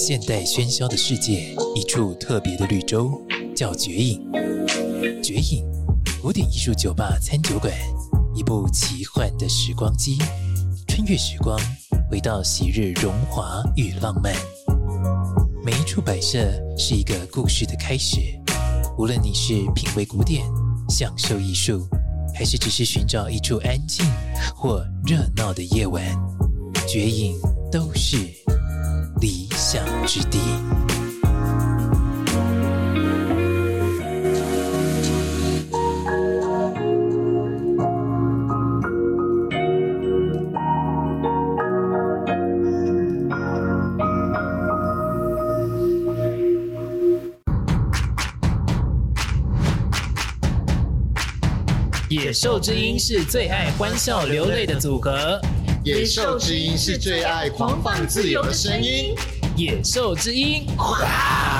現代喧囂的世界，一處特別的綠洲，叫絕影。絕影，古典藝術酒吧餐酒館，一部奇幻的時光機，穿越時光，回到昔日榮華與浪漫。每一處擺設是一個故事的開始。無論你是品味古典、享受藝術，還是只是尋找一處安靜或熱鬧的夜晚，絕影都是。理想之地。野獸之音是最愛歡笑流淚的組合。野獸之音是最愛狂放自由的聲音，野獸之音，哇！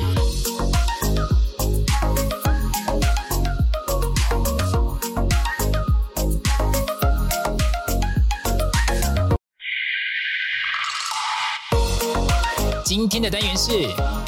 今天的單元是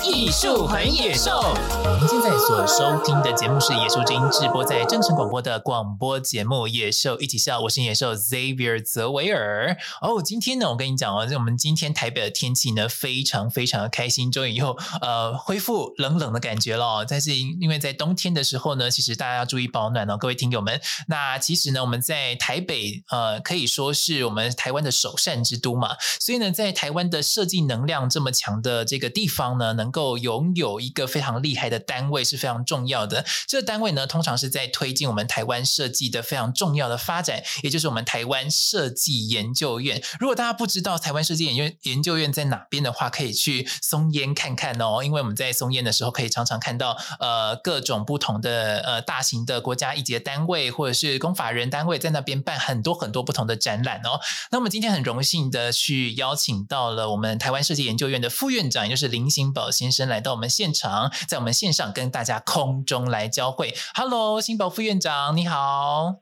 藝術狠野獸。您現在所收聽的節目是《野獸之音》，直播在正聲廣播的廣播節目《野獸藝起肖》。我是野獸 Xavier 澤維爾。哦，今天呢，我跟你講啊、哦，我們今天台北的天氣呢，非常非常的開心，終於又呃恢復冷冷的感覺了。但是因為在冬天的時候呢，其實大家要注意保暖哦，各位聽友們。那其實呢，我們在台北呃，可以說是我們台灣的首善之都嘛，所以呢，在台灣的設計能量這麼強。的這個地方呢，能夠擁有一個非常厲害的單位是非常重要的。這個單位呢，通常是在推進我們台灣設計的非常重要的發展，也就是我們台灣設計研究院。如果大家不知道台灣設計研究院研究院在哪邊的話，可以去松菸看看哦。因為我們在松菸的時候，可以常常看到呃各種不同的呃大型的國家一級的單位或者是公法人單位在那邊辦很多很多不同的展覽哦。那我們今天很榮幸的去邀請到了我們台灣設計研究院的副。院長，也就是林鑫保先生，來到我們現場，在我們線上跟大家空中來交會。Hello，鑫保副院長，你好。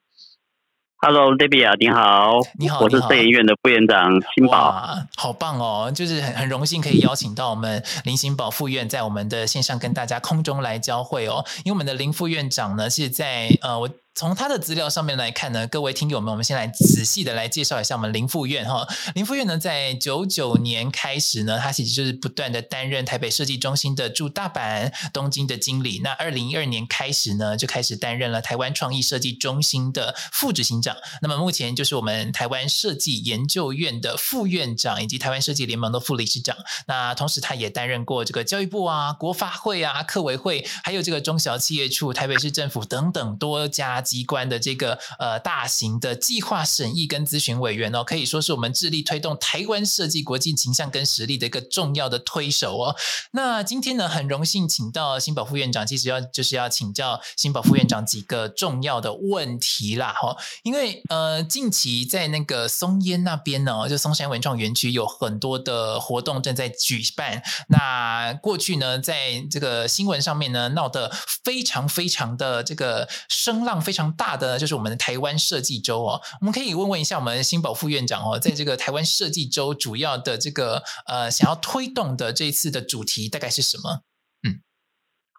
Hello，Lebia，你，你好。你好，我是設研院的副院長鑫保。哇，好棒哦，就是很很榮幸可以邀請到我們林鑫保副院在我們的線上跟大家空中來交會哦。因為我們的林副院長呢，是在呃我。從他的資料上面來看呢，各位聽友們，我們先來仔細的來介紹一下我們林副院哈，林副院呢，在九九年開始呢，他其實就是不斷的擔任台北設計中心的駐大阪、東京的經理。那二零一二年開始呢，就開始擔任了台灣創意設計中心的副執行長。那麼目前就是我們台灣設計研究院的副院長，以及台灣設計聯盟的副理事長。那同時，他也擔任過這個教育部啊、國發會啊、客委會，還有這個中小企業處、台北市政府等等多家。機關的這個呃大型的計劃審議跟諮詢委員哦，可以說是我們致力推動台灣設計國際形象跟實力的一個重要的推手哦。那今天呢，很榮幸請到鑫保副院長，其實要就是要請教鑫保副院長幾個重要的問題啦。哦，因為呃，近期在那個松煙那邊呢，就松山文創園區有很多的活動正在舉辦。那過去呢，在這個新聞上面呢，鬧得非常非常的這個聲浪非。非常大的就是我們的台灣設計週哦，我們可以問問一下我們鑫保副院長哦，在這個台灣設計週主要的這個呃，想要推動的這一次的主題大概是什麼？嗯，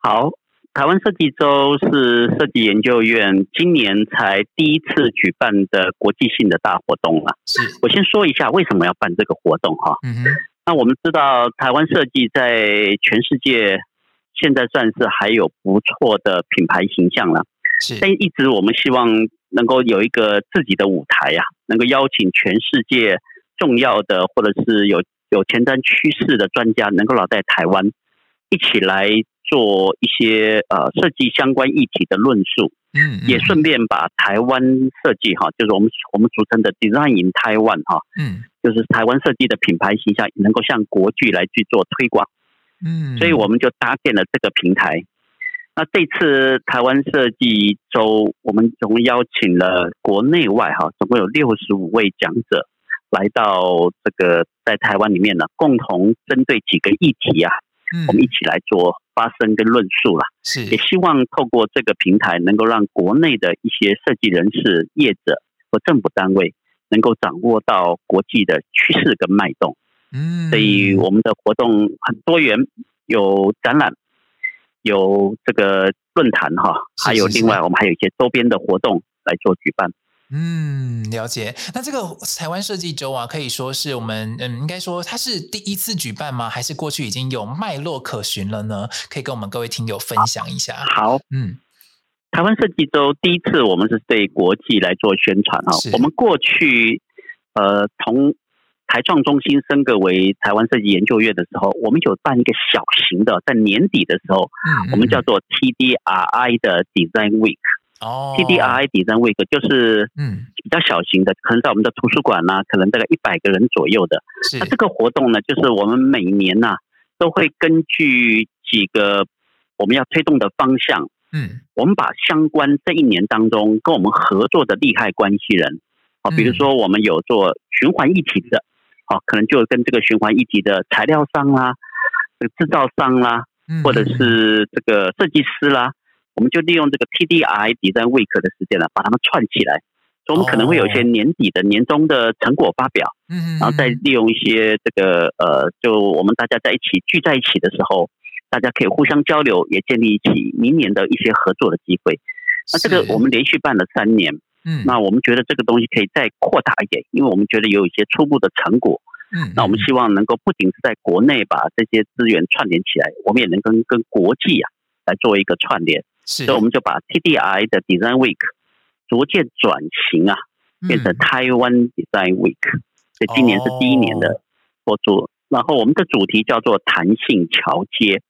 好，台灣設計週是設計研究院今年才第一次舉辦的國際性的大活動了。是。我先說一下為什麼要辦這個活動哈、啊。嗯哼，那我們知道台灣設計在全世界現在算是還有不錯的品牌形象了。是，但一直我們希望能夠有一個自己的舞台呀、啊，能夠邀請全世界重要的或者是有有前瞻趨勢的專家，能夠老在台灣一起來做一些呃設計相關議題的論述嗯。嗯，也順便把台灣設計哈、啊，就是我們我們俗稱的 Design in Taiwan 哈、啊，嗯，就是台灣設計的品牌形象能夠向國際來去做推廣。嗯，所以我們就搭建了這個平台。那這次台灣設計周，我們總共邀請了國內外哈，總共有六十五位講者來到這個在台灣裡面呢，共同針對幾個議題啊，我們一起來做發聲跟論述啦，是，也希望透過這個平台能夠讓國內的一些設計人士、業者和政府單位能夠掌握到國際的趨勢跟脈動，嗯，所以我們的活動很多元，有展覽。有這個論壇哈、哦，還有另外我們還有一些周邊的活動來做舉辦。嗯，了解。那這個台灣設計周啊，可以說是我們嗯，應該說它是第一次舉辦嗎？還是過去已經有脈絡可循了呢？可以跟我們各位聽友分享一下。好，好嗯，台灣設計周第一次我們是對國際來做宣傳啊、哦。我們過去呃從。台創中心升格為台灣設計研究院的時候，我們有辦一個小型的，在年底的時候，嗯、我們叫做 TDRI 的 Design Week 哦，TDRI Design Week 就是比較小型的，嗯、可能在我們的圖書館呢、啊，可能大概一百個人左右的。是。那這個活動呢，就是我們每年呢、啊、都會根據幾個我們要推動的方向，嗯，我們把相關這一年當中跟我們合作的利害關係人啊、嗯，比如說我們有做循環議題的。哦，可能就跟這個循環一體的材料商啦、這個製造商啦，或者是這個設計師啦，嗯、我們就利用這個 TDRI Design Week 的時間呢，把他們串起來。所以，我們可能會有一些年底的、年終的成果發表，嗯、哦、嗯，然後再利用一些這個呃，就我們大家在一起聚在一起的時候，大家可以互相交流，也建立起明年的一些合作的機會。那這個我們連續辦了三年。嗯，那我們覺得這個東西可以再擴大一點，因為我們覺得有一些初步的成果。嗯，那我們希望能夠不僅是在國內把這些資源串聯起來，我們也能跟跟國際啊來做一個串聯。是，所以我們就把 TDI 的 Design Week 逐漸轉型啊，嗯、變成 Taiwan Design Week。所以今年是第一年的播出、哦，然後我們的主題叫做彈性橋接，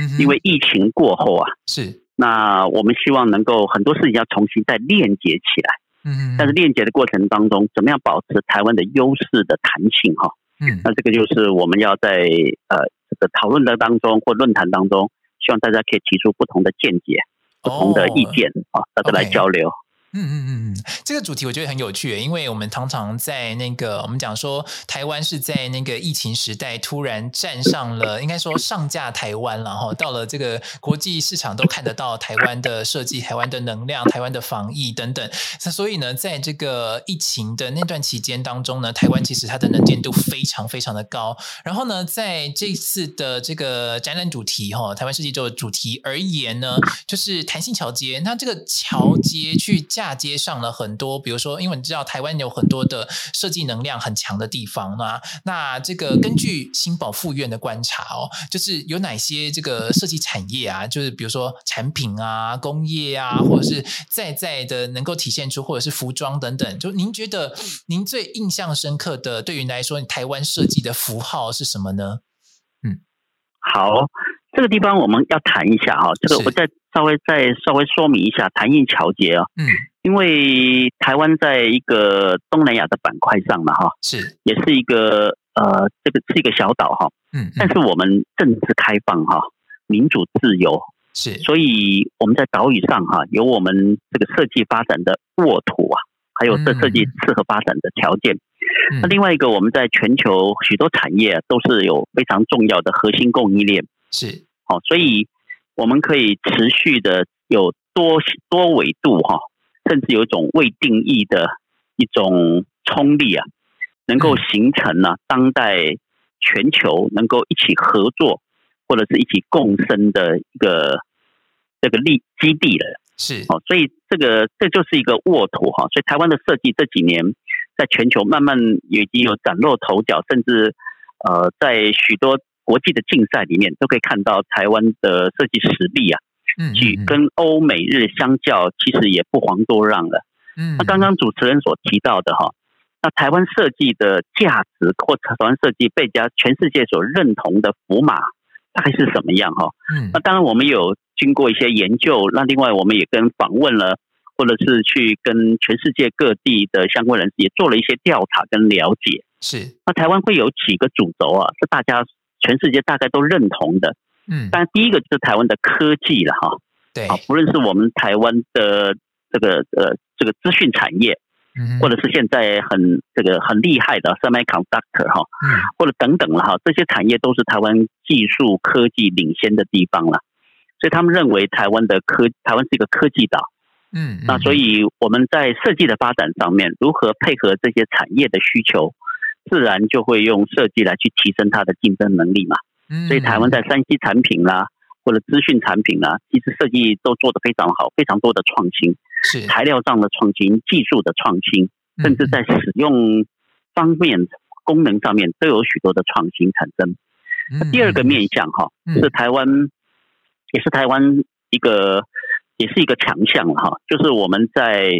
嗯、因為疫情過後啊是。那我們希望能夠很多事情要重新再鏈接起來，嗯，但是鏈接的過程當中，怎麼樣保持台灣的優勢的彈性哈？嗯，那這個就是我們要在呃這個討論的當中或論壇當中，希望大家可以提出不同的見解、不同的意見啊，大家來交流。嗯嗯嗯嗯，這個主題我覺得很有趣，因為我們常常在那個我們講說台灣是在那個疫情時代突然站上了，應該說上架台灣了，然後到了這個國際市場都看得到台灣的設計、台灣的能量、台灣的防疫等等。所以呢，在這個疫情的那段期間當中呢，台灣其實它的能見度非常非常的高。然後呢，在這次的這個展覽主題哈，台灣設計周主題而言呢，就是彈性橋接，那這個橋接去。嫁接上了很多，比如說，因為你知道台灣有很多的設計能量很強的地方啊。那這個根據鑫保副院的觀察哦，就是有哪些這個設計產業啊，就是比如說產品啊、工業啊，或者是在在的能夠體現出，或者是服裝等等。就您覺得您最印象深刻的，對於來說你台灣設計的符號是什麼呢？好，這個地方我們要談一下哈，這個我再稍微再稍微說明一下彈性橋接啊，嗯，因為台灣在一個東南亞的板塊上嘛哈，是，也是一個呃這個是一個小島哈，嗯，但是我們政治開放哈，民主自由是，所以我們在島嶼上哈，有我們這個設計發展的沃土啊，還有這設計適合發展的條件。嗯嗯那另外一個，我們在全球許多產業都是有非常重要的核心供應鏈，是哦，所以我們可以持續的有多多維度哈，甚至有一種未定義的一種衝力啊，能夠形成呢當代全球能夠一起合作或者是一起共生的一個這個利基地了，是哦，所以這個這個就是一個沃土哈，所以台灣的設計這幾年。在全球慢慢也已經有嶄露頭角，甚至呃，在許多國際的競賽裡面，都可以看到台灣的設計實力啊。嗯。去跟歐美日相較，其實也不遑多讓了。嗯。那剛剛主持人所提到的哈、哦，那台灣設計的價值，或台灣設計被加全世界所認同的符碼，大概是什麼樣哈？嗯。那當然，我們有經過一些研究，那另外我們也跟訪問了。或者是去跟全世界各地的相關人士，也做了一些調查跟了解，是，那台灣會有幾個主軸啊？是大家全世界大概都認同的，嗯，但第一個就是台灣的科技了哈，對，啊、不論是我們台灣的這個呃這個資訊產業，嗯，或者是現在很這個很厲害的 semiconductor 哈、啊，嗯，或者等等了哈，這些產業都是台灣技術科技領先的地方了，所以他們認為台灣的科台灣是一個科技島。嗯，那所以我們在設計的發展上面，如何配合這些產業的需求，自然就會用設計來去提升它的競爭能力嘛。所以台灣在 3C 產品啦、啊，或者資訊產品啊，其實設計都做得非常好，非常多的創新，是材料上的創新、技術的創新，甚至在使用方面、功能上面都有許多的創新產生。那第二個面向哈，是台灣，也是台灣一個。也是一個強項了哈，就是我們在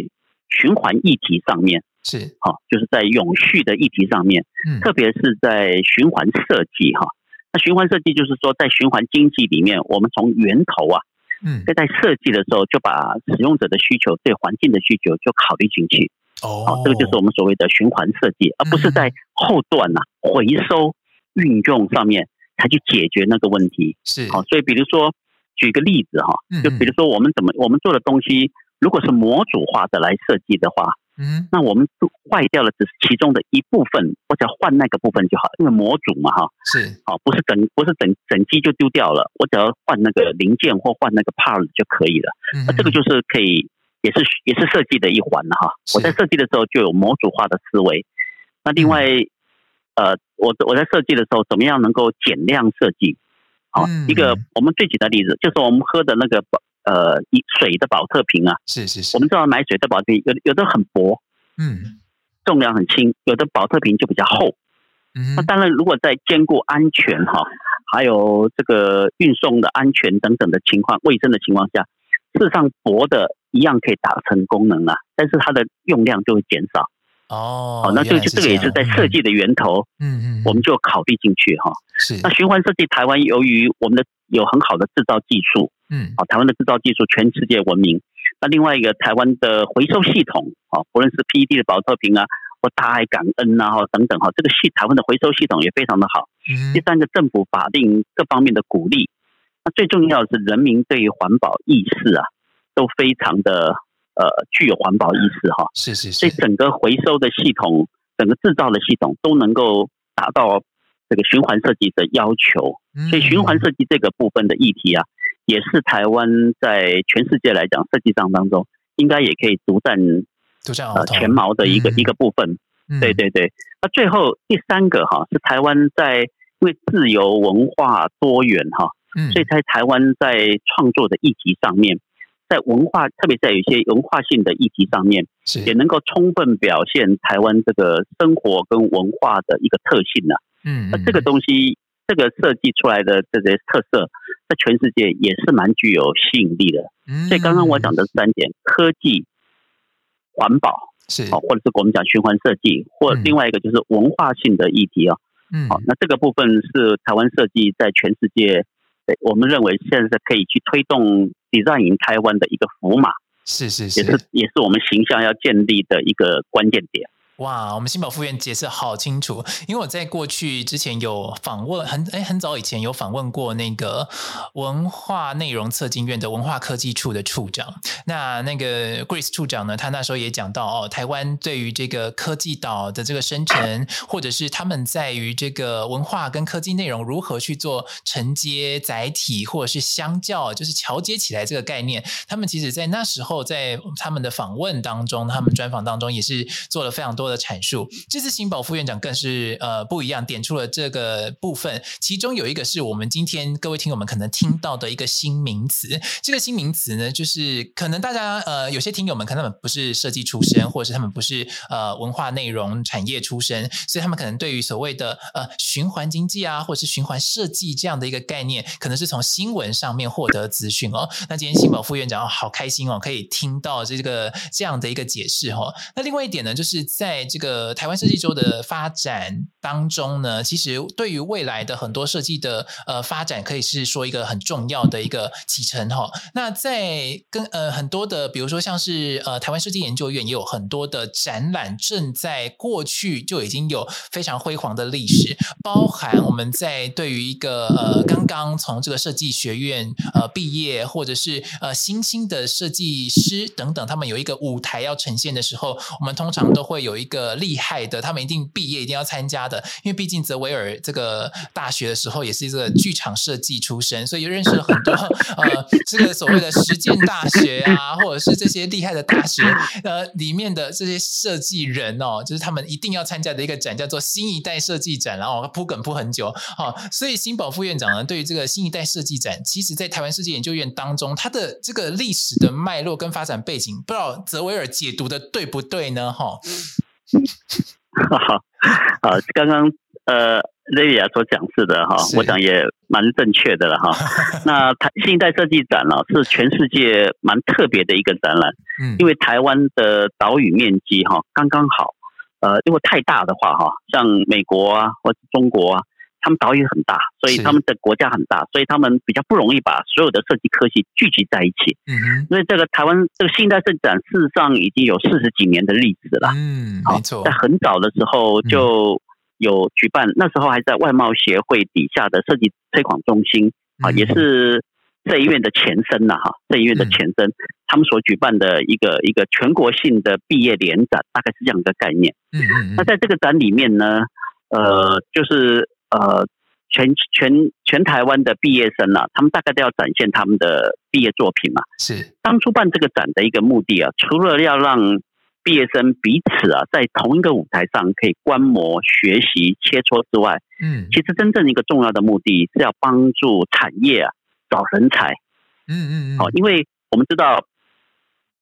循環議題上面是哈，就是在永續的議題上面，嗯，特別是在循環設計哈。那循環設計就是說，在循環經濟裡面，我們從源頭啊，嗯，在在設計的時候就把使用者的需求、嗯，對環境的需求就考慮進去哦。這個就是我們所謂的循環設計，而不是在後段吶回收運用上面才去解決那個問題是。好，所以比如說。舉一個例子哈，就比如說我們怎麼、嗯、我們做的東西，如果是模組化的來設計的話，嗯、那我們壞掉了只是其中的一部分，我只要換那個部分就好，因為模組嘛哈，是，好，不是整不是整整機就丟掉了，我只要換那個零件或換那個 part 就可以了。那、嗯、這個就是可以，也是也是設計的一環了哈。我在設計的時候就有模組化的思維。那另外，嗯、呃，我我在設計的時候，怎麼樣能夠減量設計？一個我們最簡單的例子，就是我們喝的那個保呃水的保特瓶啊，是是是，我們知道買水的保特瓶有有的很薄，嗯，重量很輕，有的保特瓶就比較厚，嗯，那當然如果在兼顧安全哈、啊，還有這個運送的安全等等的情況，衛生的情況下，事實上薄的一樣可以達成功能啊，但是它的用量就會減少。哦，好，那這個就這個也是在設計的源頭，嗯嗯，我們就考慮進去哈。是、mm -hmm.，那循環設計台灣，由於我們的有很好的制造技術，嗯，好台灣的制造技術全世界聞名。那另外一個，台灣的回收系統，啊，不論是 P D 的保特瓶啊，或大愛感恩啊，然後等等哈，這個系台灣的回收系統也非常的好。嗯、mm -hmm.。第三個，政府法令各方面的鼓勵，那最重要的是人民對於環保意識啊，都非常的。呃，具有環保意識哈，是是是，所以整個回收的系統，整個制造的系統都能夠達到這個循環設計的要求。所以循環設計這個部分的議題啊，也是台灣在全世界來講設計上當中，應該也可以獨佔獨佔呃前茅的一個、嗯、一個部分。對對對，那、啊、最後第三個哈、啊、是台灣在為自由文化多元哈、啊，所以在台灣在創作的議題上面。嗯在文化，特別在有些文化性的議題上面，是也能夠充分表現台灣這個生活跟文化的一個特性呢、啊。嗯，嗯，那這個東西，這個設計出來的這些特色，在全世界也是蠻具有吸引力的。嗯，嗯，所以剛剛我講的三點：科技、環保是，或者是我們講循環設計，或另外一個就是文化性的議題啊。嗯，嗯，好，那這個部分是台灣設計在全世界，對，我們認為現在可以去推動。Design in Taiwan 的一個符碼，是是是，也是也是我們形象要建立的一個關鍵點。哇，我們鑫保副院解釋好清楚，因為我在過去之前有訪問，很哎、欸、很早以前有訪問過那個文化內容策進院的文化科技處的處長。那那個 Grace 處長呢，他那時候也講到哦，台灣對於這個科技島的這個生成，或者是他們在於這個文化跟科技內容如何去做承接載體，或者是相較就是橋接起來這個概念，他們其實，在那時候在他們的訪問當中，他們專訪當中也是做了非常多。的闡述，這次鑫保副院長更是呃不一樣，點出了這個部分。其中有一個是我們今天各位聽友們可能聽到的一個新名詞。這個新名詞呢，就是可能大家呃有些聽友們可能他們不是設計出身，或者是他們不是呃文化內容產業出身，所以他們可能對於所謂的呃循環經濟啊，或者是循環設計這樣的一個概念，可能是從新聞上面獲得資訊哦。那今天鑫保副院長好開心哦，可以聽到這個這樣的一個解釋哦。那另外一點呢，就是在在這個台灣設計週的發展當中呢，其實對於未來的很多設計的呃發展，可以是說一個很重要的一個啟程哈、哦。那在跟呃很多的，比如說像是呃台灣設計研究院，也有很多的展覽，正在過去就已經有非常輝煌的歷史，包含我們在對於一個呃剛剛從這個設計學院呃畢業，或者是呃新興的設計師等等，他們有一個舞台要呈現的時候，我們通常都會有一。一個厲害的，他們一定畢業一定要參加的，因為畢竟澤維爾這個大學的時候也是一個劇場設計出身，所以認識了很多呃，這個所謂的實踐大學啊，或者是這些厲害的大學呃裡面的這些設計人哦，就是他們一定要參加的一個展，叫做“新一代設計展”，然後鋪梗鋪很久，好、哦，所以鑫保副院長呢，對於這個“新一代設計展”，其實在台灣設計研究院當中，它的這個歷史的脈絡跟發展背景，不知道澤維爾解讀的對不對呢？哈、哦。 好，啊，剛剛呃，雷亞所講是的哈，我講也蠻正確的了哈。 那台新一代設計展呢，是全世界蠻特別的一個展覽，因為台灣的島嶼面積哈剛剛好，呃，因為太大的話哈，像美國啊或者中國啊。他們島嶼很大，所以他們的國家很大，所以他們比較不容易把所有的設計科技聚集在一起。嗯哼，所以這個台灣這個新一代設計展事實上已經有四十幾年的歷史了。嗯，好，在很早的時候就有舉辦，嗯、那時候還在外貿協會底下的設計推廣中心、嗯、啊，也是這一院的前身了、啊、哈，這一院的前身、嗯，他們所舉辦的一個一個全國性的畢業聯展，大概是這樣一個概念。嗯哼，那在這個展裡面呢，呃，就是。呃，全全全台灣的畢業生啊，他們大概都要展現他們的畢業作品嘛。是。當初辦這個展的一個目的啊，除了要讓畢業生彼此啊，在同一個舞台上可以觀摩、學習、切磋之外，嗯，其實真正一個重要的目的是要幫助產業啊找人才。嗯嗯嗯。好，因為我們知道，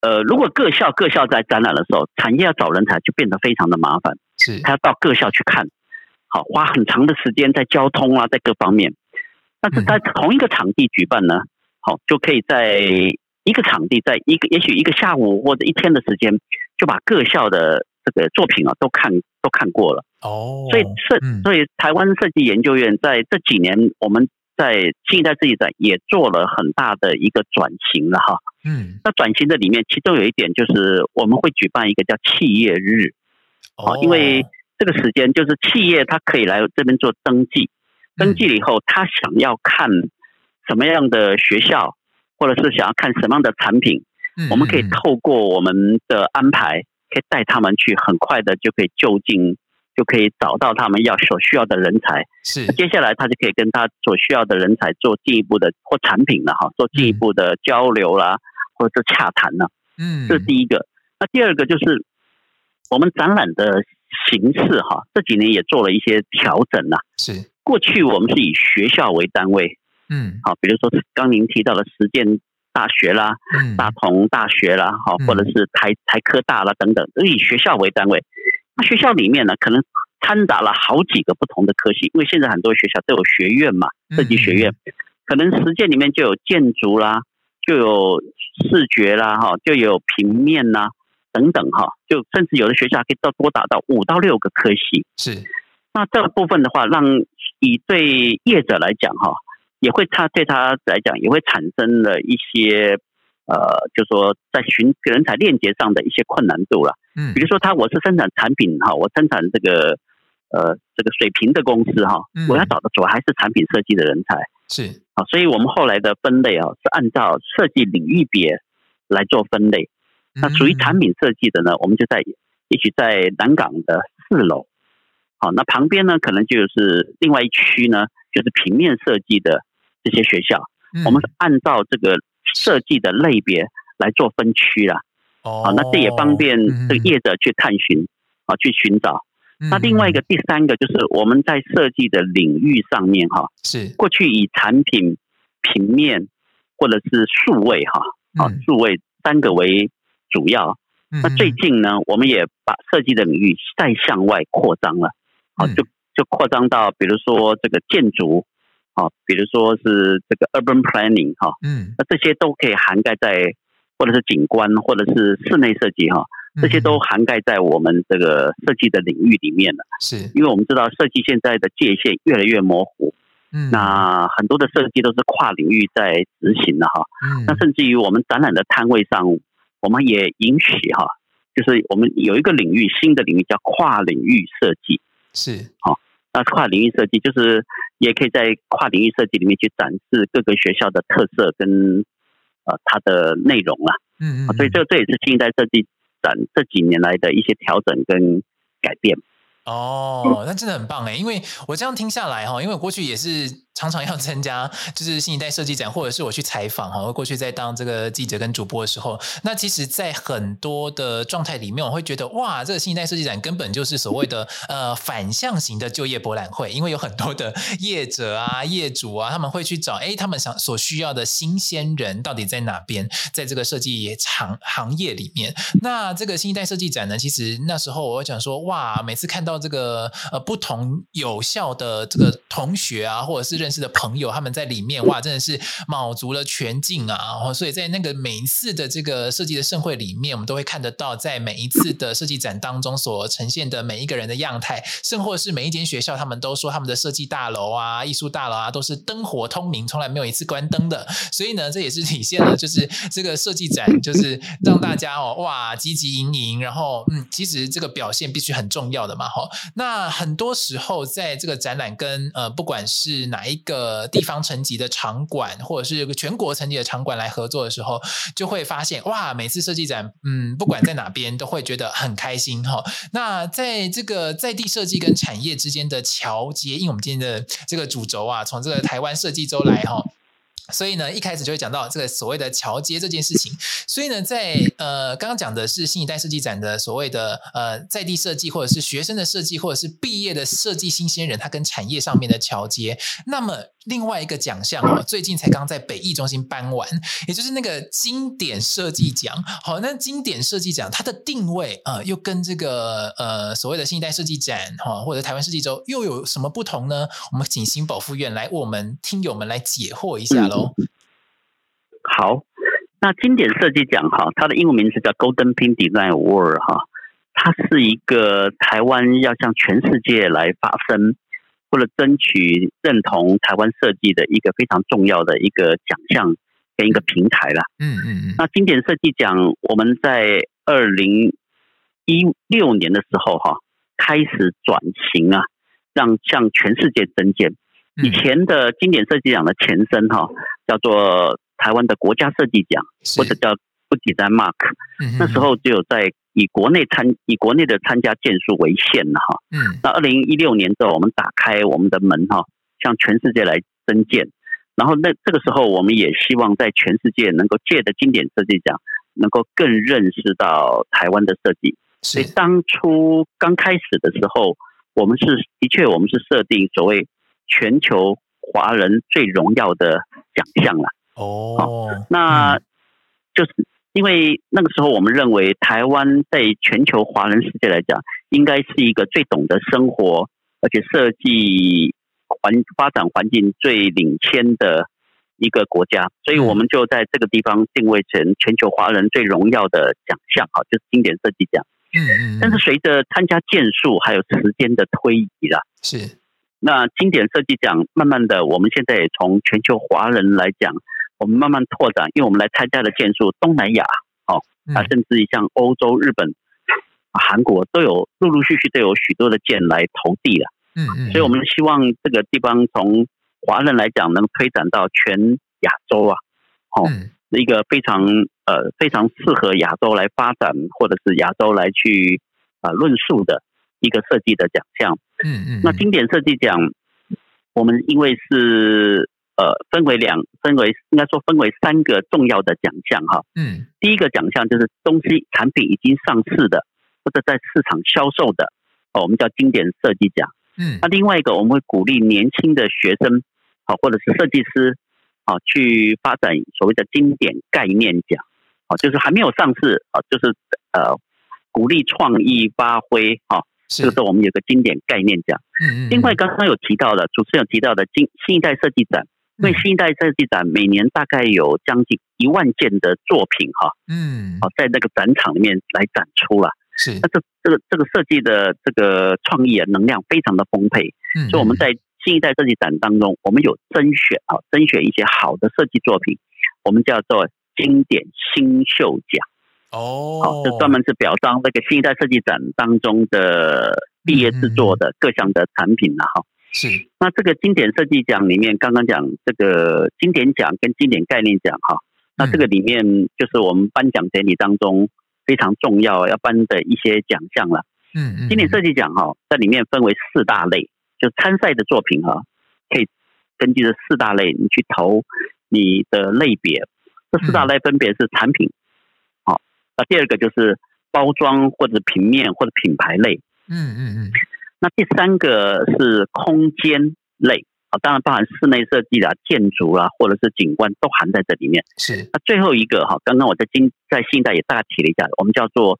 呃，如果各校各校在展覽的時候，產業要找人才就變得非常的麻煩。是。他要到各校去看。好，花很長的時間在交通啊，在各方面。但是，在同一個場地舉辦呢，嗯、好就可以在一個場地，在一個也許一個下午或者一天的時間，就把各校的這個作品啊都看都看過了哦。所以設、嗯，所以台灣設計研究院在這幾年，我們在新一代設計展也做了很大的一個轉型了哈。嗯，那轉型的裡面，其中有一點就是我們會舉辦一個叫企業日，哦，因為。這個時間就是企業他可以來這邊做登記，嗯、登記了以後，他想要看什麼樣的學校、嗯，或者是想要看什麼樣的產品，嗯、我們可以透過我們的安排，可以帶他們去，很快的就可以就近，就可以找到他們要所需要的人才。是，接下來他就可以跟他所需要的人才做進一步的或產品了哈，做進一步的交流啦、啊嗯，或者是洽談了嗯，這是第一個。那第二個就是我們展覽的形式哈，這幾年也做了一些調整吶、啊。是，過去我們是以學校為單位，嗯，好，比如說剛您提到的實踐大學啦，嗯，大同大學啦，哈，或者是台、嗯、台科大啦等等，都以學校為單位。那學校裡面呢，可能摻雜了好幾個不同的科系，因為現在很多學校都有學院嘛，設計學院，嗯、可能實踐裡面就有建築啦，就有視覺啦，哈，就有平面啦。等等哈，就甚至有的學校還可以到多達到五到六個科系。是，那這部分的話，讓以對業者來講哈，也會他對他來講，也會產生了一些呃，就說在尋人才鏈接上的一些困難度了。嗯，比如說他我是生產產品哈，我生產這個呃這個水平的公司哈，我要找的主要還是產品設計的人才。是、嗯、啊，所以我們後來的分類啊，是按照設計領域別來做分類。嗯、那屬於產品設計的呢，我們就在也許在南港的四樓，好，那旁邊呢，可能就是另外一區呢，就是平面設計的這些學校、嗯，我們是按照這個設計的類別來做分區了。哦，好，那這也方便這個業者去探尋、嗯、啊，去尋找、嗯。那另外一個第三個就是我們在設計的領域上面哈，是過去以產品、平面或者是數位哈，啊，數、嗯、位三個為。主要，那最近呢，嗯、我們也把設計的領域再向外擴張了，好、嗯，就就擴張到比如說這個建築，好，比如說是這個 urban planning 哈，嗯，那這些都可以涵蓋在，或者是景觀或者是室內設計哈，這些都涵蓋在我們這個設計的領域裡面了。是因為我們知道設計現在的界限越來越模糊，嗯，那很多的設計都是跨領域在執行的哈，嗯，那甚至於我們展覽的攤位上。我們也允許哈，就是我們有一個領域，新的領域叫跨領域設計，是哈。那跨領域設計就是也可以在跨領域設計裡面去展示各個學校的特色跟呃它的內容了，嗯，嗯嗯。所以這這也是新一代設計展這幾年來的一些調整跟改變。哦，那真的很棒哎，因為我這樣聽下來哈，因為我過去也是。常常要參加，就是新一代設計展，或者是我去採訪哈。我過去在當這個記者跟主播的時候，那其實，在很多的狀態裡面，我會覺得哇，這個新一代設計展根本就是所謂的呃反向型的就業博覽會，因為有很多的業者啊、業主啊，他們會去找哎，他們想所需要的新鮮人到底在哪邊，在這個設計行行業裡面。那這個新一代設計展呢，其實那時候我會講說哇，每次看到這個呃不同有效的這個同學啊，或者是認。認識的朋友，他們在裡面哇，真的是卯足了全勁啊！然後，所以在那個每一次的這個設計的盛會裡面，我們都會看得到，在每一次的設計展當中所呈現的每一個人的樣態，甚或是每一間學校，他們都說他們的設計大樓啊、藝術大樓啊，都是燈火通明，從來沒有一次關燈的。所以呢，這也是體現了，就是這個設計展，就是讓大家哦哇，汲汲營營，然後嗯，其實這個表現必須很重要的嘛。哈，那很多時候在這個展覽跟呃，不管是哪一個一個地方層級的場館，或者是個全國層級的場館來合作的時候，就會發現哇，每次設計展，嗯，不管在哪邊都會覺得很開心哈、哦。那在這個在地設計跟產業之間的橋接，因為我們今天的這個主軸啊，從這個台灣設計周來哈、哦。所以呢，一開始就會講到這個所謂的橋接這件事情。所以呢，在呃剛剛講的是新一代設計展的所謂的呃在地設計，或者是學生的設計，或者是畢業的設計新鮮人，他跟產業上面的橋接。那麼另外一個獎項哦，最近才剛在北藝中心頒完，也就是那個金點設計獎。好，那金點設計獎它的定位啊、呃，又跟這個呃所謂的新一代設計展哈、哦，或者台灣設計週又有什麼不同呢？我們請鑫保副院長來為我們聽友們來解惑一下嘍。Oh. 好，那金點設計獎哈，它的英文名字叫 Golden Pin Design Award 哈，它是一個台灣要向全世界來發聲，為了爭取認同台灣設計的一個非常重要的一個獎項跟一個平台了。嗯嗯。那金點設計獎，我們在二零一六年的時候哈，開始轉型啊，讓向全世界增建。以前的金點設計獎的前身哈，叫做台灣的國家設計獎，或者叫不只在 Mark，那時候就有在以國內參以國內的參加件數為限了哈。嗯，那二零一六年之後我們打開我們的門哈，向全世界來徵件，然後那這個時候，我們也希望在全世界能夠借着金點設計獎，能夠更認識到台灣的設計。所以當初剛開始的時候，我們是的確我們是設定所謂。全球華人最榮耀的獎項了哦，那就是因為那個時候，我們認為台灣在全球華人世界來講，應該是一個最懂得生活，而且設計環發展環境最領先的，一個國家，所以我們就在這個地方定位成全，全球華人最榮耀的獎項，哈、嗯，就是金點設計獎。嗯嗯。但是隨着參加件數，還有時間的推移了、嗯，是。那金點設計獎，慢慢的，我們現在也從全球華人來講，我們慢慢拓展，因為我們來參加的建築東南亞，哦啊，甚至像歐洲、日本、韓國，都有陸陸續續都有許多的件來投遞了。嗯嗯，所以我們希望這個地方從華人來講，能推展到全亞洲啊。哦，一個非常呃非常適合亞洲來發展，或者是亞洲來去啊、呃、論述的。一個設計的獎項，嗯嗯，那金點設計獎，我們因為是呃分為兩，分為應該說分為三個重要的獎項哈、啊，嗯，第一個獎項就是東西產品已經上市的或者在市場銷售的、哦、我們叫金點設計獎，嗯，那另外一個我們會鼓勵年輕的學生啊、哦、或者是設計師啊、哦、去發展所謂的金點概念獎，哦，就是還沒有上市啊、哦，就是呃鼓勵創意發揮哈。哦是這是、個、我們有個經典概念獎，嗯，嗯，嗯，另外剛剛有提到的主持人有提到的，新新一代設計展，因為新一代設計展每年大概有將近一萬件的作品哈、哦，嗯，哦，在那個展場裡面來展出了，是，那這這個這個設計的這個創意啊，能量非常的豐沛嗯嗯，所以我們在新一代設計展當中，我們有甄選啊，甄選一些好的設計作品，我們叫做經典新秀獎。哦、oh,，好，這專門是表彰那個新一代設計展當中的畢業制作的各項的產品了哈。是、嗯嗯嗯，那這個金點設計獎裡面，剛剛講這個金點獎跟金點概念獎哈、嗯，那這個裡面就是我們頒獎典禮當中非常重要要頒的一些獎項了。嗯嗯，嗯。金點設計獎哈，在裡面分為四大類，就參賽的作品哈，可以根據這四大類你去投你的類別。嗯、這四大類分別是產品。啊，第二個就是包裝或者平面或者品牌類，嗯嗯嗯。那第三個是空間類啊，當然包含室內設計啦、啊、建築啦、啊，或者是景觀都含在這裡面。是那最後一個哈、啊，剛剛我在今，在新一代也大概提了一下，我們叫做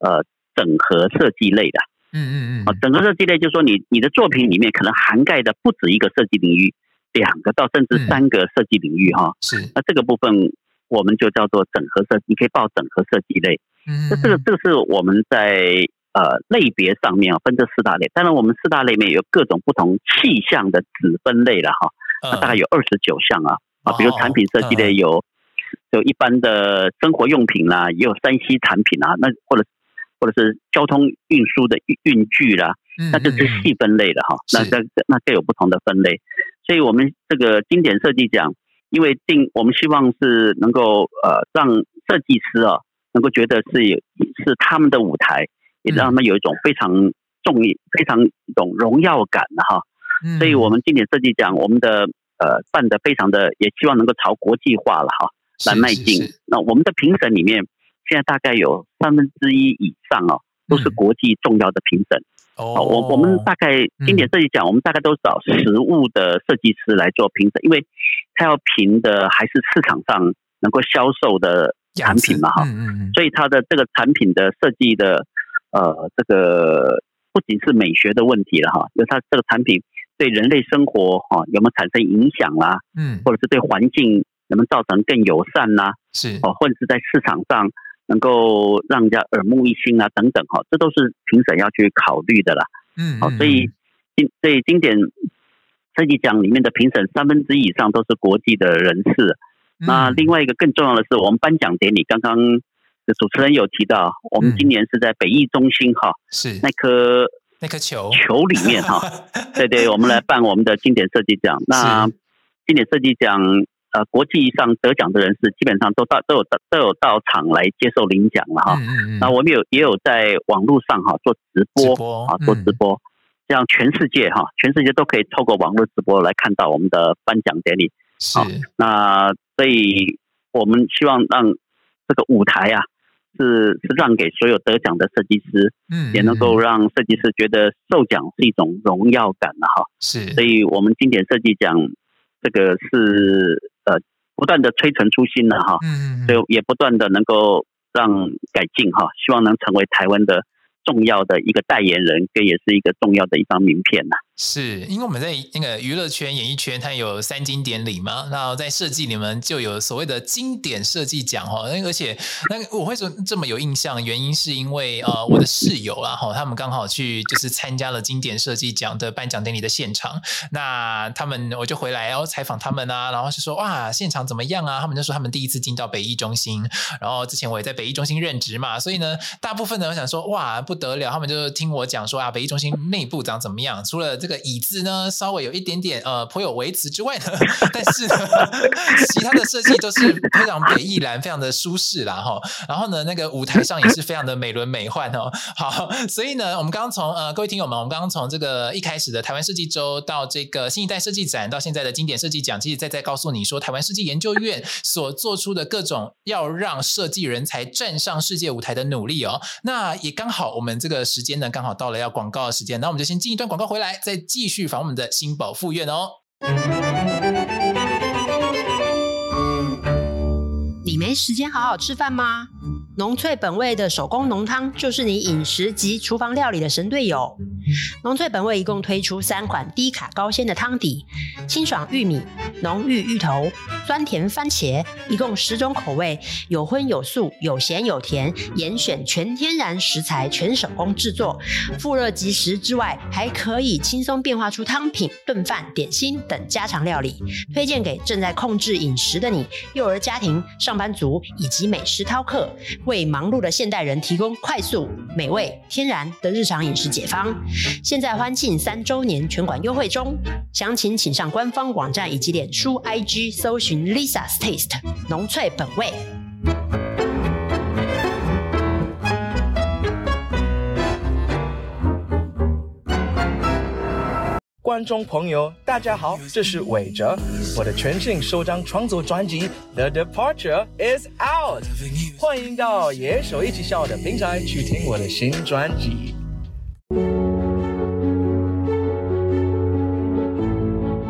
呃整合設計類的，嗯嗯嗯。啊，整合設計類就是說，你你的作品裡面可能涵蓋的不止一個設計領域，兩個到甚至三個設計領域哈。是那這個部分。我們就叫做整合設計，你可以報整合設計類、嗯。那這個這個是我們在呃類別上面啊、哦、分這四大類，當然我們四大類裡面有各種不同氣象的子分類了哈、哦。大概有二十九項啊啊、呃，比如產品設計類有有一般的生活用品啦、啊哦呃，也有 3C 產品啦、啊，那或者或者是交通運輸的運、運具啦嗯嗯，那就是細分類的哈、哦。那那那各有不同的分類，所以我們這個金點設計獎。因為定我們希望是能夠呃讓設計師啊能夠覺得是有，是他們的舞台，也讓他們有一種非常重、嗯、非常一種榮耀感的、啊、哈、嗯。所以我們金點設計獎我們的呃辦的非常的，也希望能夠朝國際化了哈、啊、來邁進。那我們的評審裡面，現在大概有三分之一以上哦、啊、都是國際重要的評審。嗯嗯哦、oh,，我我們大概金點設計獎、嗯，我們大概都找實物的設計師來做評審、嗯，因為他要評的還是市場上能夠銷售的產品嘛，哈、嗯嗯，所以他的這個產品的設計的，呃，這個不僅是美學的問題了，哈，因為他這個產品對人類生活哈有沒有產生影響啦、啊，嗯，或者是對環境能不能造成更友善啦、啊，是，哦，或者是在市場上。能夠讓人家耳目一新啊，等等哈，這都是評審要去考慮的啦。嗯，好、哦，所以經、嗯、所以金點設計獎裡面的評審三分之一以上都是國際的人士、嗯。那另外一個更重要的是，我們頒獎典禮剛剛主持人有提到，我們今年是在北藝中心哈、嗯哦，是那顆那顆球球裡面哈。 對對，我們來辦我們的金點設計獎、嗯。那金點設計獎。呃，國際上得獎的人士基本上都到都有到都有到場來接受領獎了哈嗯嗯。那我們有也有在網絡上哈做直播啊做直播，讓、嗯啊、全世界哈、啊、全世界都可以透過網絡直播來看到我們的頒獎典禮。好那，所以我們希望讓這個舞台啊，是是讓給所有得獎的設計師嗯嗯嗯，也能夠讓設計師覺得受獎是一種榮耀感的哈。是，所以我們經典設計獎這個是。呃，不斷的推陳出新了、啊、哈，就、嗯嗯、也不斷的能夠讓改進哈、啊，希望能成為台灣的重要的一個代言人，跟也是一個重要的一張名片吶、啊。是因為我們在那個娛樂圈、演藝圈，它有三金典禮嘛，然後在設計裡面就有所謂的金點設計獎哈，而且那我會說這麼有印象，原因是因為呃我的室友啊，哈，他們剛好去就是參加了金點設計獎的頒獎典禮的現場，那他們我就回來然後採訪他們啊，然後就說哇現場怎麼樣啊？他們就說他們第一次進到北藝中心，然後之前我也在北藝中心任職嘛，所以呢，大部分的人我想說哇不得了，他們就聽我講說啊北藝中心內部長怎麼樣？除了這個這個椅子呢，稍微有一點點呃頗有維持之外的，但是呢其他的設計都是非常別緻，然非常的舒適啦哈、哦。然後呢，那個舞台上也是非常的美輪美奐哦。好，所以呢，我們剛剛從呃各位聽友們，我們剛剛從這個一開始的台灣設計周到這個新一代設計展到現在的金點設計獎，其實在在告訴你說，台灣設計研究院所做出的各種要讓設計人才站上世界舞台的努力哦。那也剛好，我們這個時間呢，剛好到了要廣告的時間，那我們就先進一段廣告回來再。繼續訪我們的鑫保副院哦。你沒時間好好吃飯嗎？濃脆本味的手工濃湯就是你飲食及廚房料理的神隊友。濃脆本味一共推出三款低卡高鮮的湯底：清爽玉米、濃郁芋頭、酸甜番茄，一共十種口味，有葷有素，有鹹有甜，嚴選全天然食材，全手工製作，復熱即食之外，還可以輕鬆變化出湯品、燉飯、點心等家常料理，推薦給正在控制飲食的你、幼兒家庭、上班族以及美食饕客。為忙碌的現代人提供快速、美味、天然的日常飲食解方。現在歡慶三週年，全館優惠中。詳情請，請上官方網站以及臉書、IG 搜尋 Lisa's Taste 濃萃本味。觀眾朋友，大家好，這是韋哲，我的全新首張創作專輯《The Departure Is Out》，歡迎到野獸藝起肖的平台去聽我的新專輯。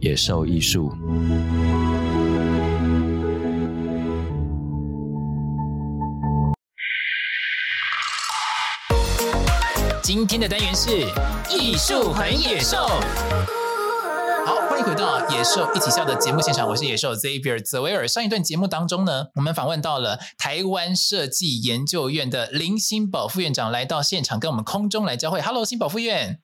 野獸藝術。今天的單元是藝術狠野獸。好，歡迎回到《野獸藝起肖》的節目現場，我是野獸 Xavier 澤維爾。上一段節目當中呢，我們訪問到了台灣設計研究院的林鑫保副院長，來到現場跟我們空中來交會。Hello，鑫保副院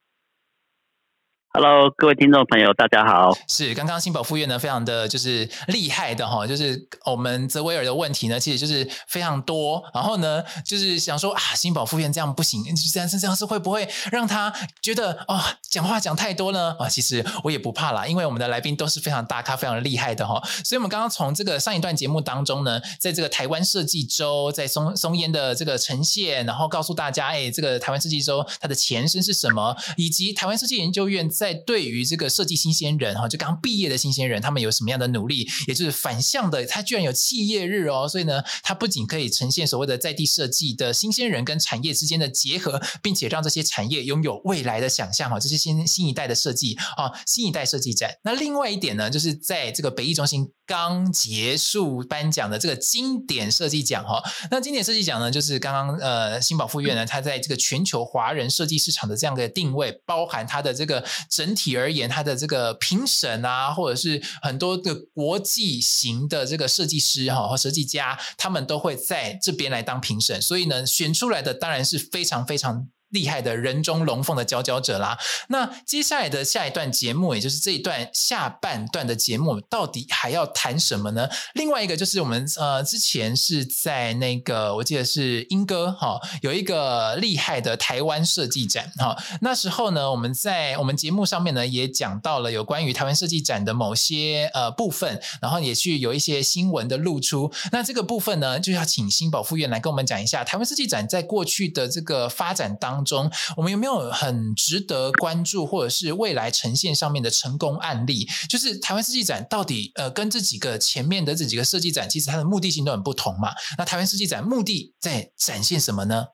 Hello，各位聽眾朋友，大家好。是，剛剛鑫保副院呢，非常的就是厲害的哈、哦，就是我們 Xavier 的問題呢，其實就是非常多，然後呢，就是想說啊，鑫保副院這樣不行，這樣這樣是會不會讓他覺得啊、哦，講話講太多呢？啊，其實我也不怕啦，因為我們的來賓都是非常大咖，非常厲害的哈、哦。所以，我們剛剛從這個上一段節目當中呢，在這個台灣設計週，在松松菸的這個呈現，然後告訴大家，哎，這個台灣設計週它的前身是什麼，以及台灣設計研究院在。在對於這個設計新鮮人哈，就剛畢業的新鮮人，他們有什麼樣的努力？也就是反向的，他居然有企業日哦，所以呢，他不僅可以呈現所謂的在地設計的新鮮人跟產業之間的結合，並且讓這些產業擁有未來的想象哈。這些新新一代的設計啊，新一代設計展。那另外一點呢，就是在這個北藝中心剛結束頒獎的這個金點設計獎哈。那金點設計獎呢，就是剛剛呃鑫保副院呢，他在這個全球華人設計市場的這樣的定位，包含他的這個。整體而言，它的這個評審啊，或者是很多的國際型的這個設計師哈、啊、和設計家，他們都會在這邊來當評審，所以呢，選出來的當然是非常非常厲害的人中龍鳳的佼佼者啦。那接下來的下一段節目，也就是這一段下半段的節目，到底還要談什麼呢？另外一個就是我們呃之前是在那個我記得是鶯歌哈，哦，有一個厲害的台灣設計展哈，哦。那時候呢，我們在我們節目上面呢也講到了有關於台灣設計展的某些呃部分，然後也去有一些新聞的露出。那這個部分呢，就要請鑫保副院來跟我們講一下台灣設計展在過去的這個發展當中。當中，我們有沒有很值得關注，或者是未來呈現上面的成功案例？就是台灣設計展到底呃，跟這幾個前面的這幾個設計展，其實它的目的性都很不同嘛。那台灣設計展目的在展現什麼呢？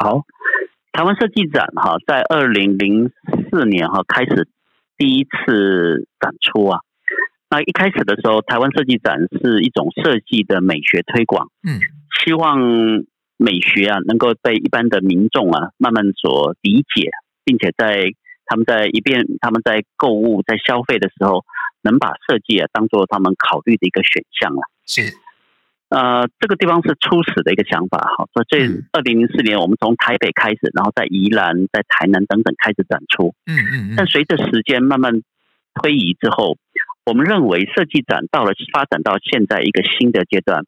好，台灣設計展哈，在二零零四年哈開始第一次展出啊。那一開始的時候，台灣設計展是一種設計的美學推廣，嗯，希望。美學啊，能夠被一般的民眾啊慢慢所理解，並且在他們在一邊，他們在購物、在消費的時候，能把設計啊當做他們考慮的一個選項了、啊。是，呃，這個地方是初始的一個想法哈。所以這二零零四年，我們從台北開始，嗯、然後在宜蘭、在台南等等開始展出。嗯，嗯嗯。但隨着時間慢慢推移之後，我們認為設計展到了發展到現在一個新的階段。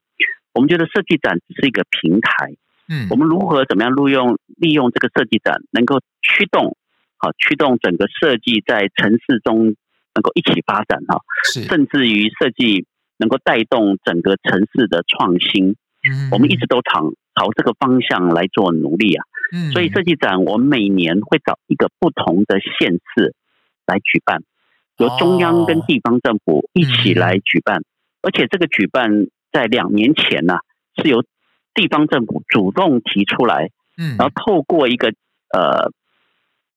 我們覺得設計展只是一個平台，嗯，我們如何怎麼樣錄用利用這個設計展，能夠驅動，好驅動整個設計在城市中能夠一起發展哈，是，甚至於設計能夠帶動整個城市的創新，嗯，我們一直都朝朝這個方向來做努力啊，嗯，所以設計展我們每年會找一個不同的縣市來舉辦，由中央跟地方政府一起來舉辦，哦，而且這個舉辦。在兩年前呢、啊，是由地方政府主動提出來，嗯，然後透過一個呃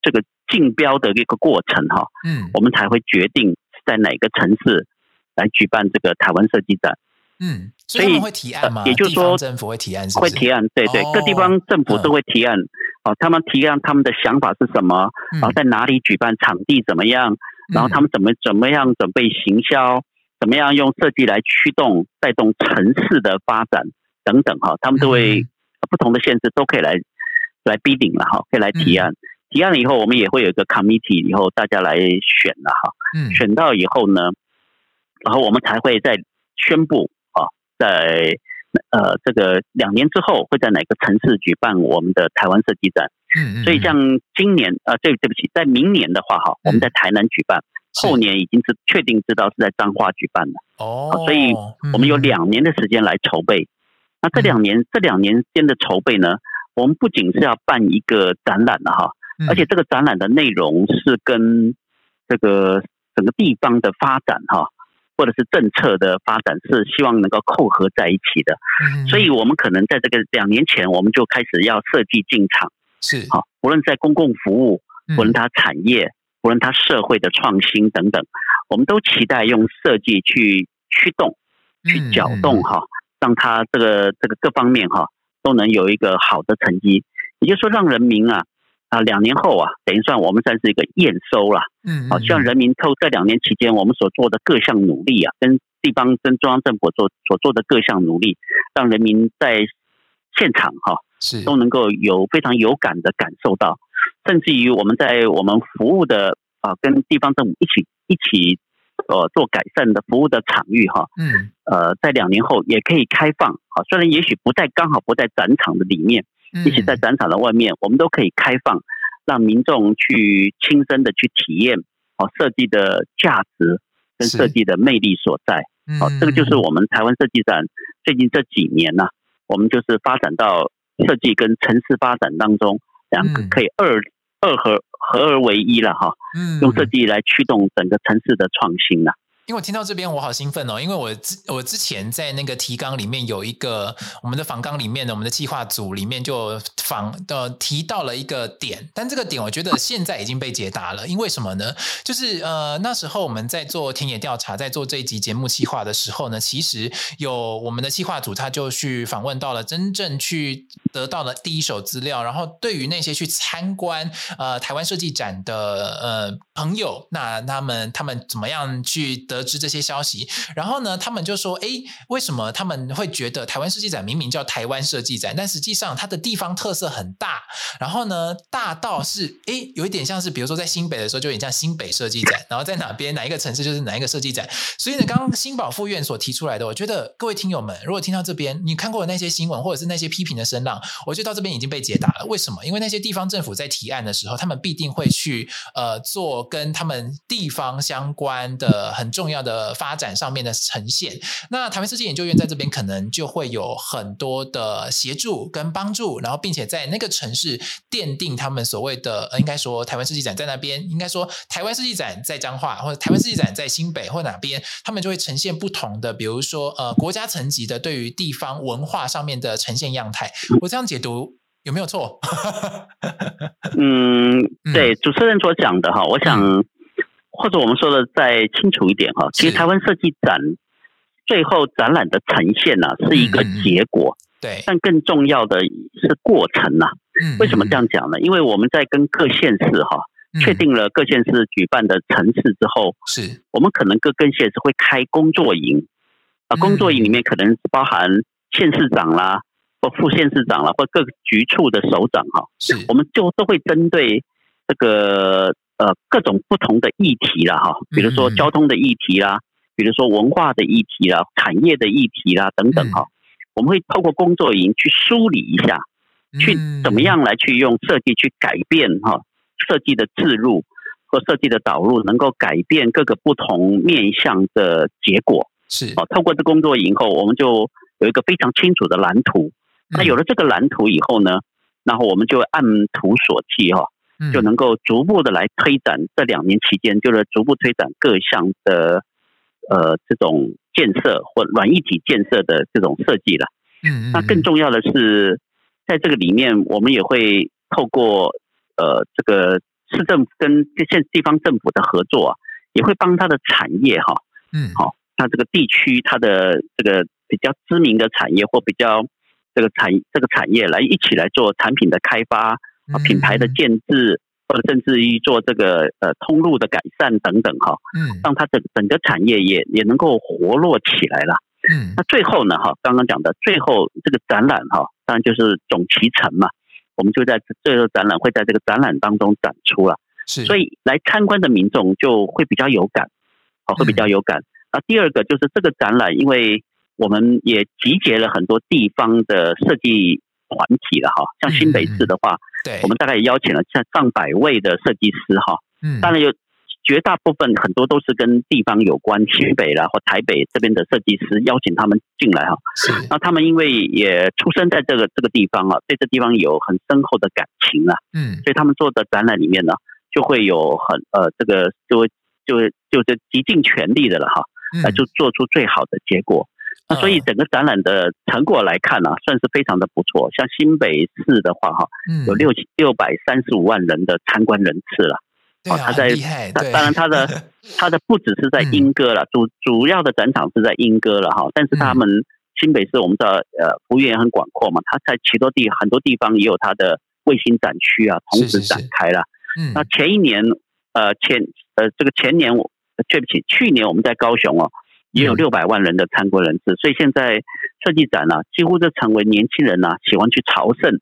這個競標的這個過程哈、啊，嗯，我們才會決定在哪個城市來舉辦這個台灣設計展，嗯，所以他們會提案嗎、呃、也就是說政府會提案是不是，會提案，對對、哦，各地方政府都會提案、嗯，啊，他們提案他們的想法是什麼，啊、嗯，在哪裡舉辦場地怎麼樣，嗯、然後他們怎麼怎麼樣準備行銷。怎麼樣用設計來驅動、帶動城市的發展等等哈，他們都會不同的縣市都可以來來 bidding 了哈，可以來提案，提案了以後，我們也會有一個 committee 以後大家來選了哈，嗯，選到以後呢，然後我們才會再宣布啊，在呃這個兩年之後會在哪個城市舉辦我們的台灣設計展，嗯，所以像今年啊、呃，對對不起，在明年的話哈，我們在台南舉辦。後年已經是確定知道是在彰化舉辦的哦，oh, 所以我們有兩年的時間來籌備、嗯。那這兩年、嗯、這兩年間的籌備呢，我們不僅是要辦一個展覽的哈，而且這個展覽的內容是跟這個整個地方的發展哈，或者是政策的發展是希望能夠扣合在一起的、嗯。所以我們可能在這個兩年前，我們就開始要設計進場是哈，無論在公共服務，嗯、無論它產業。無論它社會的創新等等，我們都期待用設計去驅動、去攪動哈，讓它這個這個各方面哈都能有一個好的成績。也就是說，讓人民啊啊，兩年後啊，等於算我們算是一個驗收了。嗯，嗯，嗯，好，希望人民透這兩年期間，我們所做的各項努力啊，跟地方跟中央政府做所做的各項努力，讓人民在現場哈、啊、是都能夠有非常有感的感受到。甚至於我們在我們服務的啊，跟地方政府一起一起呃做改善的服務的場域哈、啊，嗯，呃，在兩年後也可以開放啊，雖然也許不在剛好不在展場的裡面，嗯，一起在展場的外面，我們都可以開放，讓民眾去親身的去體驗哦、啊、設計的價值跟設計的魅力所在，啊、嗯，嗯，這個就是我們台灣設計展最近這幾年呢、啊，我們就是發展到設計跟城市發展當中。兩個可以二、嗯、二合合而為一了哈，用設計來驅動整個城市的創新了。因為我聽到這邊我好興奮哦，因為我之我之前在那個提綱裡面有一個我們的訪綱裡面的我們的計劃組裡面就訪的、呃、提到了一個點，但這個點我覺得現在已經被解答了，因為什麼呢？就是呃那時候我們在做田野調查，在做這一集節目企劃的時候呢，其實有我們的計劃組他就去訪問到了真正去得到了第一手資料，然後對於那些去參觀呃台灣設計展的呃朋友，那他們他們怎麼樣去得。得知這些消息，然後呢，他們就說：“哎，為什麼他們會覺得台灣設計展明明叫台灣設計展，但實際上它的地方特色很大？然後呢，大到是哎，有一點像是，比如說在新北的時候，就有點像新北設計展；然後在哪邊哪一個城市，就是哪一個設計展。所以呢，剛剛鑫保副院所提出來的，我覺得各位聽友們，如果聽到這邊，你看過那些新聞或者是那些批評的聲浪，我覺得到這邊已經被解答了。為什麼？因為那些地方政府在提案的時候，他們必定會去呃做跟他們地方相關的很重要。”重要的發展上面的呈現，那台灣設計研究院在這邊可能就會有很多的協助跟幫助，然後並且在那個城市奠定他們所謂的，呃、應該說台灣設計展在那邊，應該說台灣設計展在彰化，或者台灣設計展在新北，或哪邊，他們就會呈現不同的，比如說呃國家層級的對於地方文化上面的呈現樣態。我這樣解讀有沒有錯？ 嗯，對主持人所講的哈，我想。或者我們說的再清楚一點哈，其實台灣設計展最後展覽的呈現呢，是一個結果。對，但更重要的是過程吶。為什麼這樣講呢？因為我們在跟各縣市哈，確定了各縣市舉辦的城市之後，是，我們可能各各縣市會開工作營啊，工作營裡面可能包含縣市長啦，或副縣市長啦，或各局處的首長哈。我們就都會針對這個。呃，各種不同的議題了哈，比如說交通的議題啦、嗯，比如說文化的議題啦，產業的議題啦等等哈、嗯。我們會透過工作營去梳理一下，嗯、去怎麼樣來去用設計去改變哈，設計的置入和設計的導入能夠改變各個不同面向的結果是。啊，透過這工作營後，我們就有一個非常清楚的藍圖。嗯、那有了這個藍圖以後呢，嗯、然後我們就按圖索驥哈。就能夠逐步的來推展，這兩年期間，就是逐步推展各項的呃，這種建設或軟一體建設的這種設計了。嗯，那更重要的是，在這個裡面，我們也會透過呃，這個市政府跟這些地方政府的合作啊，也會幫他的產業哈，嗯，好，他這個地區他的這個比較知名的產業或比較這個產這個產業來一起來做產品的開發。品牌的建制、嗯，或者甚至於做這個呃通路的改善等等哈，嗯，讓它整整個產業也也能夠活絡起來了，嗯，那最後呢哈，剛剛講的最後這個展覽哈，當然就是總其成嘛，我們就在最後展覽會在這個展覽當中展出了，所以來參觀的民眾就會比較有感，好、嗯，會比較有感。那第二個就是這個展覽，因為我們也集結了很多地方的設計。團體了哈，像新北市的話，嗯，對，我們大概也邀請了像上百位的設計師哈，嗯，當然有絕大部分很多都是跟地方有關，新北啦或台北這邊的設計師邀請他們進來哈，那他們因為也出生在這個這個地方啊，對這地方有很深厚的感情啊，嗯，所以他們做的展覽裡面呢，就會有很呃這個就會就就就竭盡全力的了哈，那就做出最好的結果。嗯那所以整個展覽的成果來看呢、啊嗯，算是非常的不錯。像新北市的話，哈、嗯，有六千六百三十五萬人的參觀人次了。哦、啊，他在，當然，它的 它的不只是在鶯歌了，嗯，主主要的展場是在鶯歌了哈。但是他們，嗯、新北市我們知道，呃，幅員也很廣闊嘛，它在其多地很多地方也有它的衛星展區啊，同時展開了。是是是，那前一年，嗯、呃，前呃，這個前年我對、呃、不起，去年我們在高雄哦。也有六百萬人的參觀人次，所以現在設計展呢、啊，幾乎就成為年輕人呢、啊、喜歡去朝聖，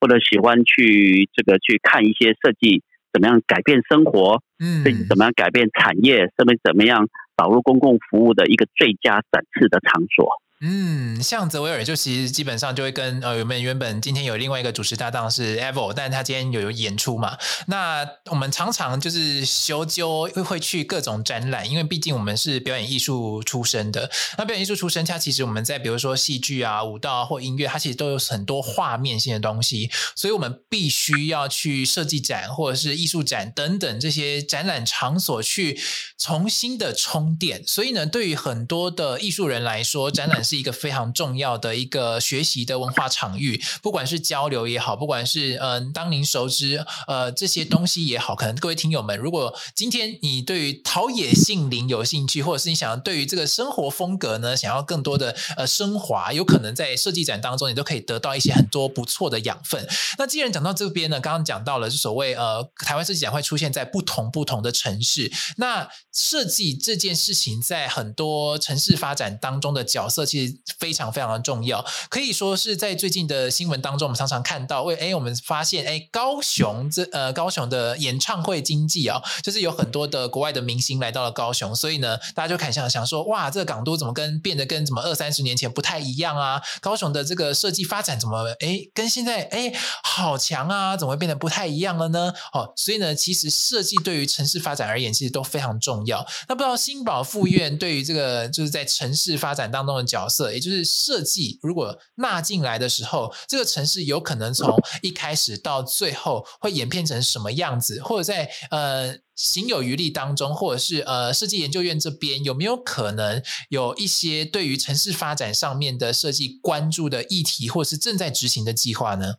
或者喜歡去這個去看一些設計怎麼樣改變生活，嗯，設計怎麼樣改變產業，設計怎麼樣導入公共服務的一個最佳展示的場所。嗯，像澤維爾就其實基本上就會跟呃，我們原本今天有另外一個主持搭檔是 Avo，但他今天有演出嘛。那我們常常就是修究，會會去各種展覽，因為畢竟我們是表演藝術出身的。那表演藝術出身，它其實我們在比如說戲劇啊、舞蹈啊、或音樂，它其實都有很多畫面性的東西，所以我們必須要去設計展或者是藝術展等等這些展覽場所去重新的充電。所以呢，對於很多的藝術人來說，展覽。是一個非常重要的一個學習的文化場域，不管是交流也好，不管是嗯、呃，當您熟知呃這些東西也好，可能各位聽友們，如果今天你對於陶冶性靈有興趣，或者是你想要對於這個生活風格呢，想要更多的呃昇華，有可能在設計展當中，你都可以得到一些很多不錯的養分。那既然講到這邊呢，剛剛講到了就所謂呃，台灣設計展會出現在不同不同的城市，那設計這件事情在很多城市發展當中的角色，其實，非常非常的重要，可以說是在最近的新聞當中，我們常常看到，為哎我們發現哎高雄這呃高雄的演唱會經濟啊、哦，就是有很多的國外的明星來到了高雄，所以呢，大家就開始想想說，哇，這個港都怎麼跟變得跟什麼二三十年前不太一樣啊？高雄的這個設計發展怎麼哎跟現在哎好強啊，怎麼會變得不太一樣了呢？哦，所以呢，其實設計對於城市發展而言，其實都非常重要。那不知道鑫保副院對於這個就是在城市發展當中的角度。角色，也就是設計，如果納進來的時候，這個城市有可能從一開始到最後會演變成什麼樣子？或者在呃，行有餘力當中，或者是呃，設計研究院這邊有沒有可能有一些對於城市發展上面的設計關注的議題，或是正在執行的計劃呢？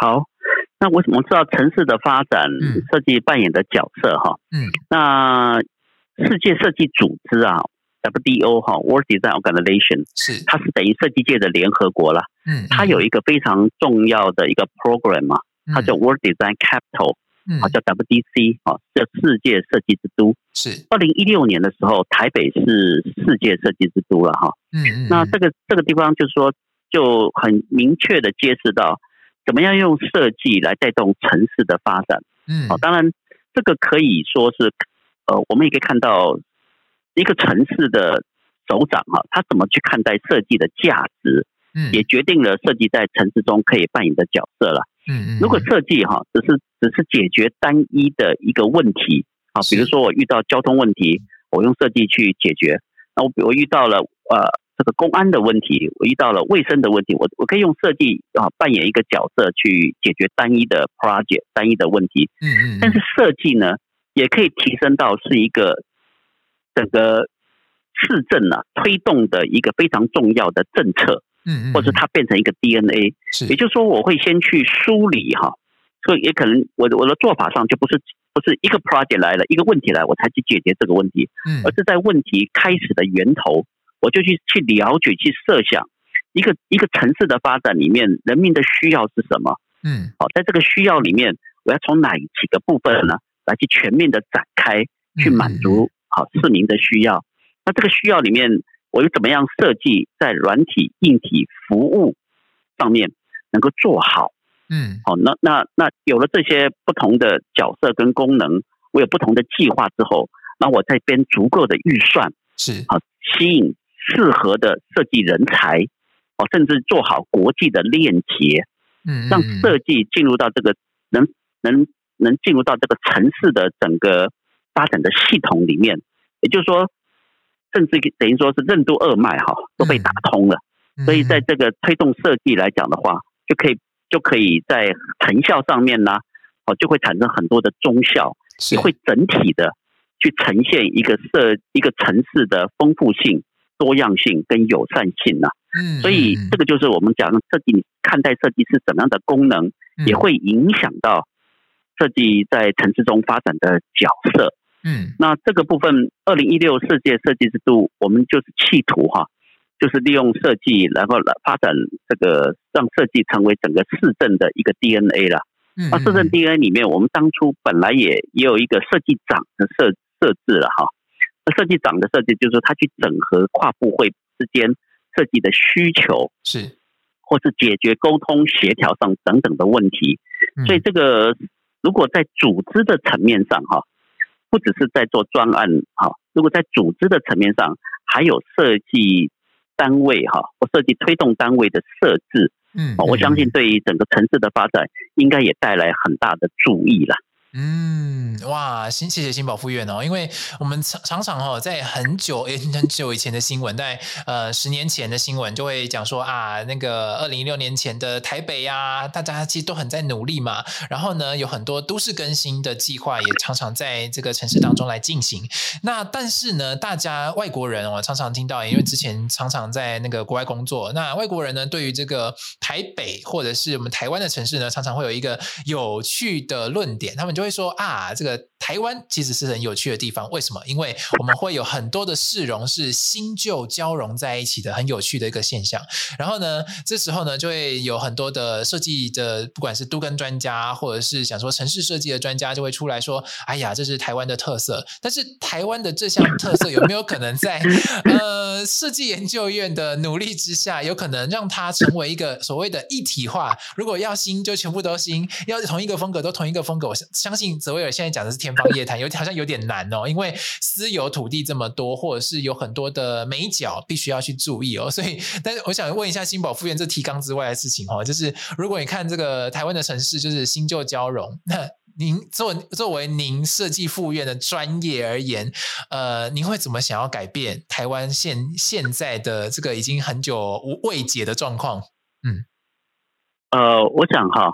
好，那我怎麼知道城市的發展嗯，設計扮演的角色？哈，嗯，那世界設計組織啊。WDO 哈，World Design Organization 是，它是等於設計界的聯合國了。嗯，嗯，它有一個非常重要的一個 program 嘛、啊嗯，它叫 World Design Capital，啊、嗯，叫 WDC，啊、哦，叫世界設計之都。是，二零一六年的時候，台北是世界設計之都了哈。嗯、哦、那這個這個地方就是說，就很明確的揭示到，怎麼樣用設計來帶動城市的發展。嗯、哦，當然這個可以說是，呃，我們也可以看到。一個城市的首長哈、啊，他怎麼去看待設計的價值，嗯，也決定了設計在城市中可以扮演的角色了。嗯嗯。如果設計哈、啊，只是只是解決單一的一個問題啊，比如說我遇到交通問題，我用設計去解決。那我我遇到了呃這個公安的問題，我遇到了衛生的問題，我我可以用設計啊扮演一個角色去解決單一的 project 單一的問題。嗯嗯。但是設計呢，也可以提升到是一個。整個市政啊推動的一個非常重要的政策，嗯，嗯，嗯，或者是它變成一個 DNA，也就是說，我會先去梳理哈、啊，所以也可能我的我的做法上就不是不是一個 project 來了，一個問題來我才去解決這個問題，嗯，而是在問題開始的源頭，我就去去了解，去設想一個一個城市的發展裡面，人民的需要是什麼，嗯，好、哦，在這個需要裡面，我要從哪幾個部分呢，來去全面的展開去滿足嗯嗯。好，市民的需要，那這個需要裡面，我又怎麼樣設計在軟體、硬體、服務上面能夠做好？嗯，好、哦，那那那有了這些不同的角色跟功能，我有不同的計劃之後，那我再編足夠的預算，是好、哦、吸引適合的設計人才，哦，甚至做好國際的鏈接，嗯，讓設計進入到這個嗯嗯能能能進入到這個城市的整個。發展的系統裡面，也就是說，甚至等於說是任督二脈哈都被打通了，嗯，所以在這個推動設計來講的話，嗯，就可以就可以在成效上面呢，哦就會產生很多的綜效，也會整體的去呈現一個設一個城市的豐富性、多樣性跟友善性吶，啊。嗯，所以這個就是我們講的設計，看待設計是怎麼樣的功能，嗯，也會影響到設計在城市中發展的角色。嗯，那這個部分，二零一六世界設計之都，我們就是企圖哈、啊，就是利用設計，然後來發展這個，讓設計成為整個市政的一個 DNA 了。嗯，那市政 DNA 裡面，我們當初本來也也有一個設計長的設設置了哈，那設計長的設計就是說他去整合跨部會之間設計的需求，是或是解決溝通協調上等等的問題。所以這個如果在組織的層面上哈、啊。不只是在做專案哈，如果在組織的層面上，還有設計單位哈或設計推動單位的設置，嗯，我相信對於整個城市的發展，應該也帶來很大的助益了。嗯，哇，新謝謝鑫保副院哦，因為我們常常哦，在很久、欸、很久以前的新聞，在呃十年前的新聞，就會講說啊，那個二零一六年前的台北啊，大家其實都很在努力嘛。然後呢，有很多都市更新的計劃也常常在這個城市當中來進行。那但是呢，大家外國人我常常聽到，因為之前常常在那個國外工作，那外國人呢，對於這個台北或者是我們台灣的城市呢，常常會有一個有趣的論點，他們就。會說啊，這個。台灣其實是很有趣的地方，為什麼？因為我們會有很多的市容是新舊交融在一起的，很有趣的一個現象。然後呢，這時候呢，就會有很多的設計的，不管是都更專家，或者是想說城市設計的專家，就會出來說：“哎呀，這是台灣的特色。”但是台灣的這項特色有沒有可能在呃設計研究院的努力之下，有可能讓它成為一個所謂的一體化？如果要新，就全部都新；要同一個風格，都同一個風格。我相信澤維爾現在講的是天。方夜譚有點好像有點難哦，因為私有土地這麼多，或者是有很多的眉角，必須要去注意哦。所以，但是我想問一下鑫保副院，這提綱之外的事情哦，就是如果你看這個台灣的城市，就是新舊交融，那您作作為您設計副院的專業而言，呃，您會怎麼想要改變台灣現現在的這個已經很久未解的狀況？嗯，呃，我想哈。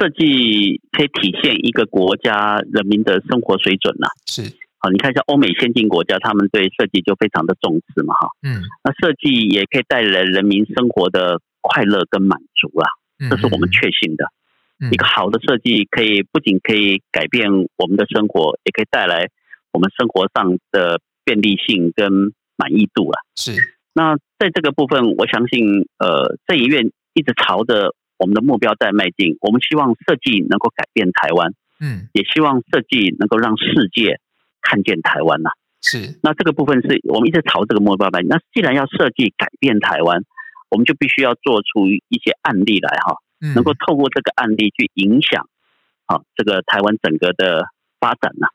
設計可以體現一個國家人民的生活水準吶、啊，是好，你看一下歐美先進國家，他們對設計就非常的重視嘛，哈，嗯，那設計也可以帶來人民生活的快樂跟滿足啊、嗯，這是我們確信的、嗯。一個好的設計可以不僅可以改變我們的生活，也可以帶來我們生活上的便利性跟滿意度啊。是，那在這個部分，我相信呃，設研院一直朝着。我們的目標在邁進，我們希望設計能夠改變台灣，嗯，也希望設計能夠讓世界看見台灣吶、啊。是，那這個部分是我們一直朝這個目標邁進。那既然要設計改變台灣，我們就必須要做出一些案例來哈、啊嗯，能夠透過這個案例去影響啊，這個台灣整個的發展吶、啊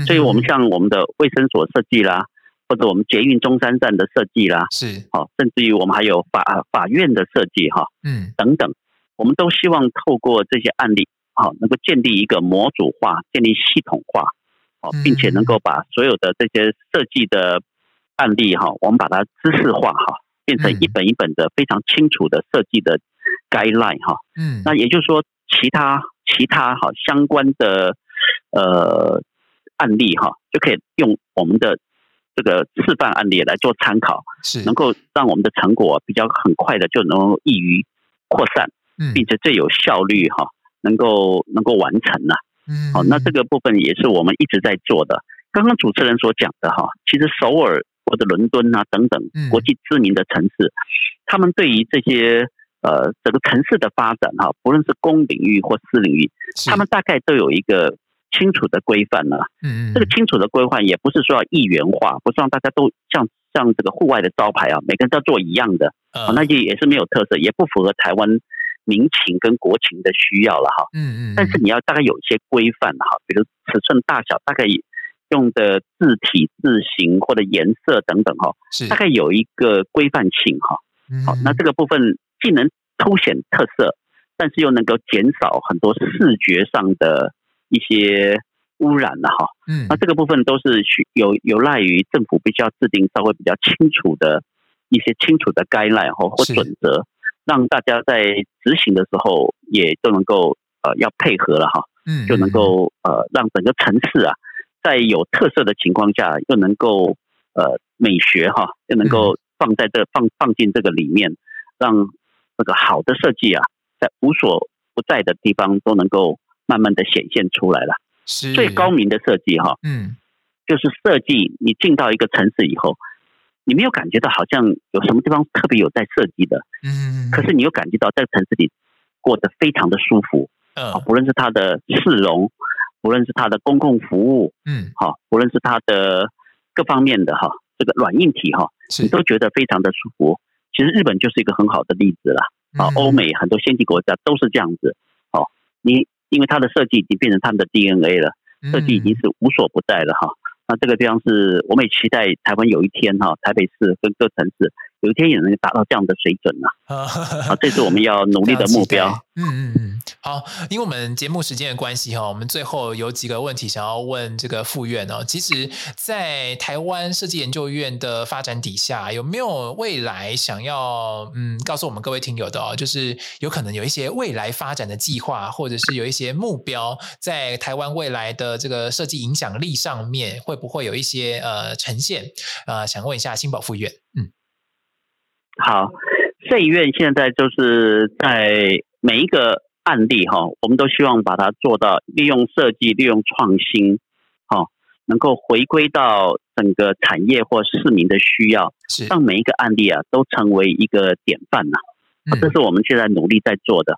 嗯。所以我們像我們的衛生所設計啦，或者我們捷運中山站的設計啦，是，好、啊，甚至於我們還有法法院的設計哈、啊，嗯，等等。我們都希望透過這些案例，好，能夠建立一個模組化、建立系統化，好，並且能夠把所有的這些設計的案例哈，我們把它知識化哈，變成一本一本的非常清楚的設計的概覽哈。嗯，那也就是說其，其他其他哈相關的呃案例哈，就可以用我們的這個示範案例來做參考，是能夠讓我們的成果比較很快的就能易於擴散。並且最有效率哈，能夠能夠完成吶、啊。好、嗯，那這個部分也是我們一直在做的。剛剛主持人所講的哈，其實首爾或者倫敦啊等等國際知名的城市，嗯、他們對於這些呃整、這個城市的發展哈，不論是公領域或私領域，他們大概都有一個清楚的規範啊。嗯，這個清楚的規範也不是說要一元化，不是讓大家都像像這個戶外的招牌啊，每個人都要做一樣的，嗯、那也是沒有特色，也不符合台灣民情跟國情的需要了哈，嗯嗯，但是你要大概有一些規範哈，比如尺寸大小，大概用的字體字形，或者顏色等等哈，大概有一個規範性哈。好，那這個部分既能凸顯特色，但是又能夠減少很多視覺上的一些污染了哈。嗯，那這個部分都是需有有賴於政府必須要制定稍微比較清楚的一些清楚的 guideline 或準則。讓大家在執行的時候，也都能夠呃要配合了哈，嗯，就能夠呃讓整個城市啊，在有特色的情況下，又能夠呃美學哈，又能夠放在這放放進這個裡面，讓這個好的設計啊，在無所不在的地方都能夠慢慢的顯現出來了，是最高明的設計哈，嗯，就是設計你進到一個城市以後。你沒有感覺到好像有什麼地方特別有在設計的，嗯，可是你又感覺到在城市裡過得非常的舒服，啊、哦，無論是它的市容，無論是它的公共服務，嗯，好、哦，無論是它的各方面的哈，這個軟硬體哈，你都覺得非常的舒服。其實日本就是一個很好的例子啦，啊，歐美很多先進國家都是這樣子，哦，你因為它的設計已經變成他們的 DNA 了，設計已經是無所不在了，哈。那這個地方是我們也期待台灣有一天哈，台北市跟各城市，有一天也能達到這樣的水準呢？啊，這是我們要努力的目標。嗯嗯嗯，好，因為我們節目時間的關係哈，我們最後有幾個問題想要問這個副院哦。其實，在台灣設計研究院的發展底下，有沒有未來想要嗯告訴我們各位聽友的哦？就是有可能有一些未來發展的計劃，或者是有一些目標，在台灣未來的這個設計影響力上面，會不會有一些呃呈現？呃，想問一下鑫保副院嗯。好，設研院現在就是在每一個案例哈，我們都希望把它做到利用設計、利用創新，哈，能夠回歸到整個產業或市民的需要，讓每一個案例啊都成為一個典範呐。這是我們現在努力在做的。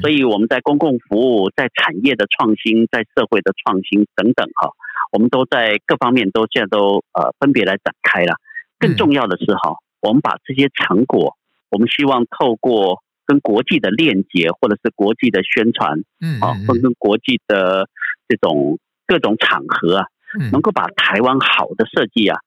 所以我們在公共服務、在產業的創新、在社會的創新等等哈，我們都在各方面都現在都呃分別來展開了。更重要的是哈。我們把這些成果，我們希望透過跟國際的鏈接，或者是國際的宣傳，啊，跟跟國際的這種各種場合啊，能夠把台灣好的設計啊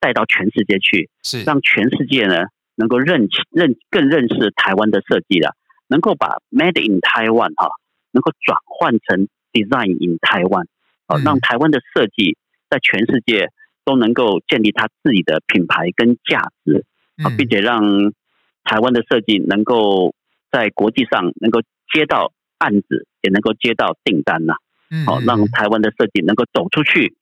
帶到全世界去，是讓全世界呢能夠認認更認識台灣的設計了，啊，能夠把 Made in Taiwan 哈，啊，能夠轉換成 Design in Taiwan，啊，讓台灣的設計在全世界。都能夠建立他自己的品牌跟價值啊，並且讓台灣的設計能夠在國際上能夠接到案子，也能夠接到訂單吶。好，讓台灣的設計能夠走出去，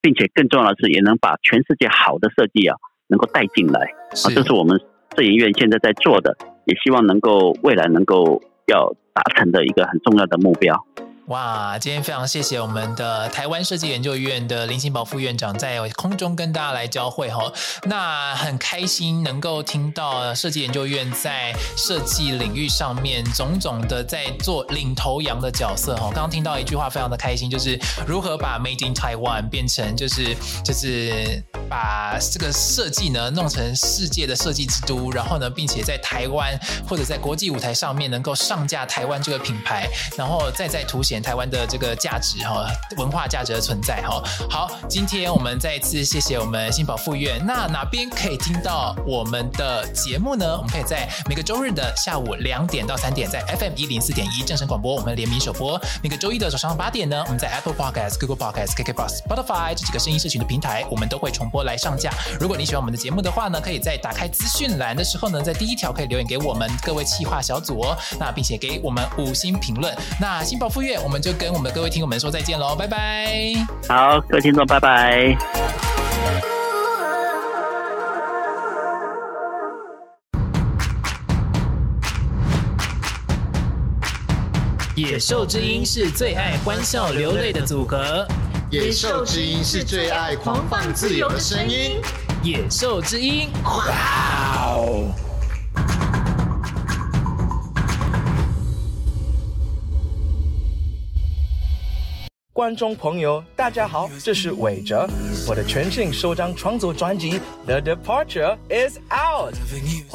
並且更重要的是，也能把全世界好的設計啊，能夠帶進來啊。這是我們設研院現在在做的，也希望能夠未來能夠要達成的一個很重要的目標。哇，今天非常謝謝我們的台灣設計研究院的林鑫保副院長在空中跟大家來交匯哈，那很開心能夠聽到設計研究院在設計領域上面種種的在做領頭羊的角色哈。剛剛聽到一句話，非常的開心，就是如何把 Made in Taiwan 變成就是就是把這個設計呢弄成世界的設計之都，然後呢，並且在台灣或者在國際舞台上面能夠上架台灣這個品牌，然後再在圖形。台灣的這個價值哈，文化價值的存在哈。好，今天我們再一次謝謝我們鑫保副院。那哪邊可以聽到我們的節目呢？我們可以在每個周日的下午兩點到三點，在 FM 一零四點一正聲廣播，我們聯名首播；每個周一的早上八點呢，我們在 Apple Podcast、Google Podcast、KKBox、Spotify 這幾個聲音社群的平台，我們都會重播來上架。如果你喜歡我們的節目的話呢，可以在打開資訊欄的時候呢，在第一條可以留言給我們各位企劃小組，哦，那並且給我們五星評論。那鑫保副院。我們就跟我們各位聽眾們說再見嘍，拜拜！好，各位聽眾，拜拜！野獸之音是最愛歡笑流淚的組合，野獸之音是最愛狂放自由的聲音，野獸之音，哇哦！觀眾朋友，大家好，這是韋哲，我的全新首張創作專輯《The Departure Is Out》，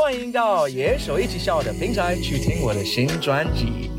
歡迎到野獸藝起肖的平台去聽我的新專輯。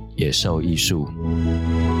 野獸藝術。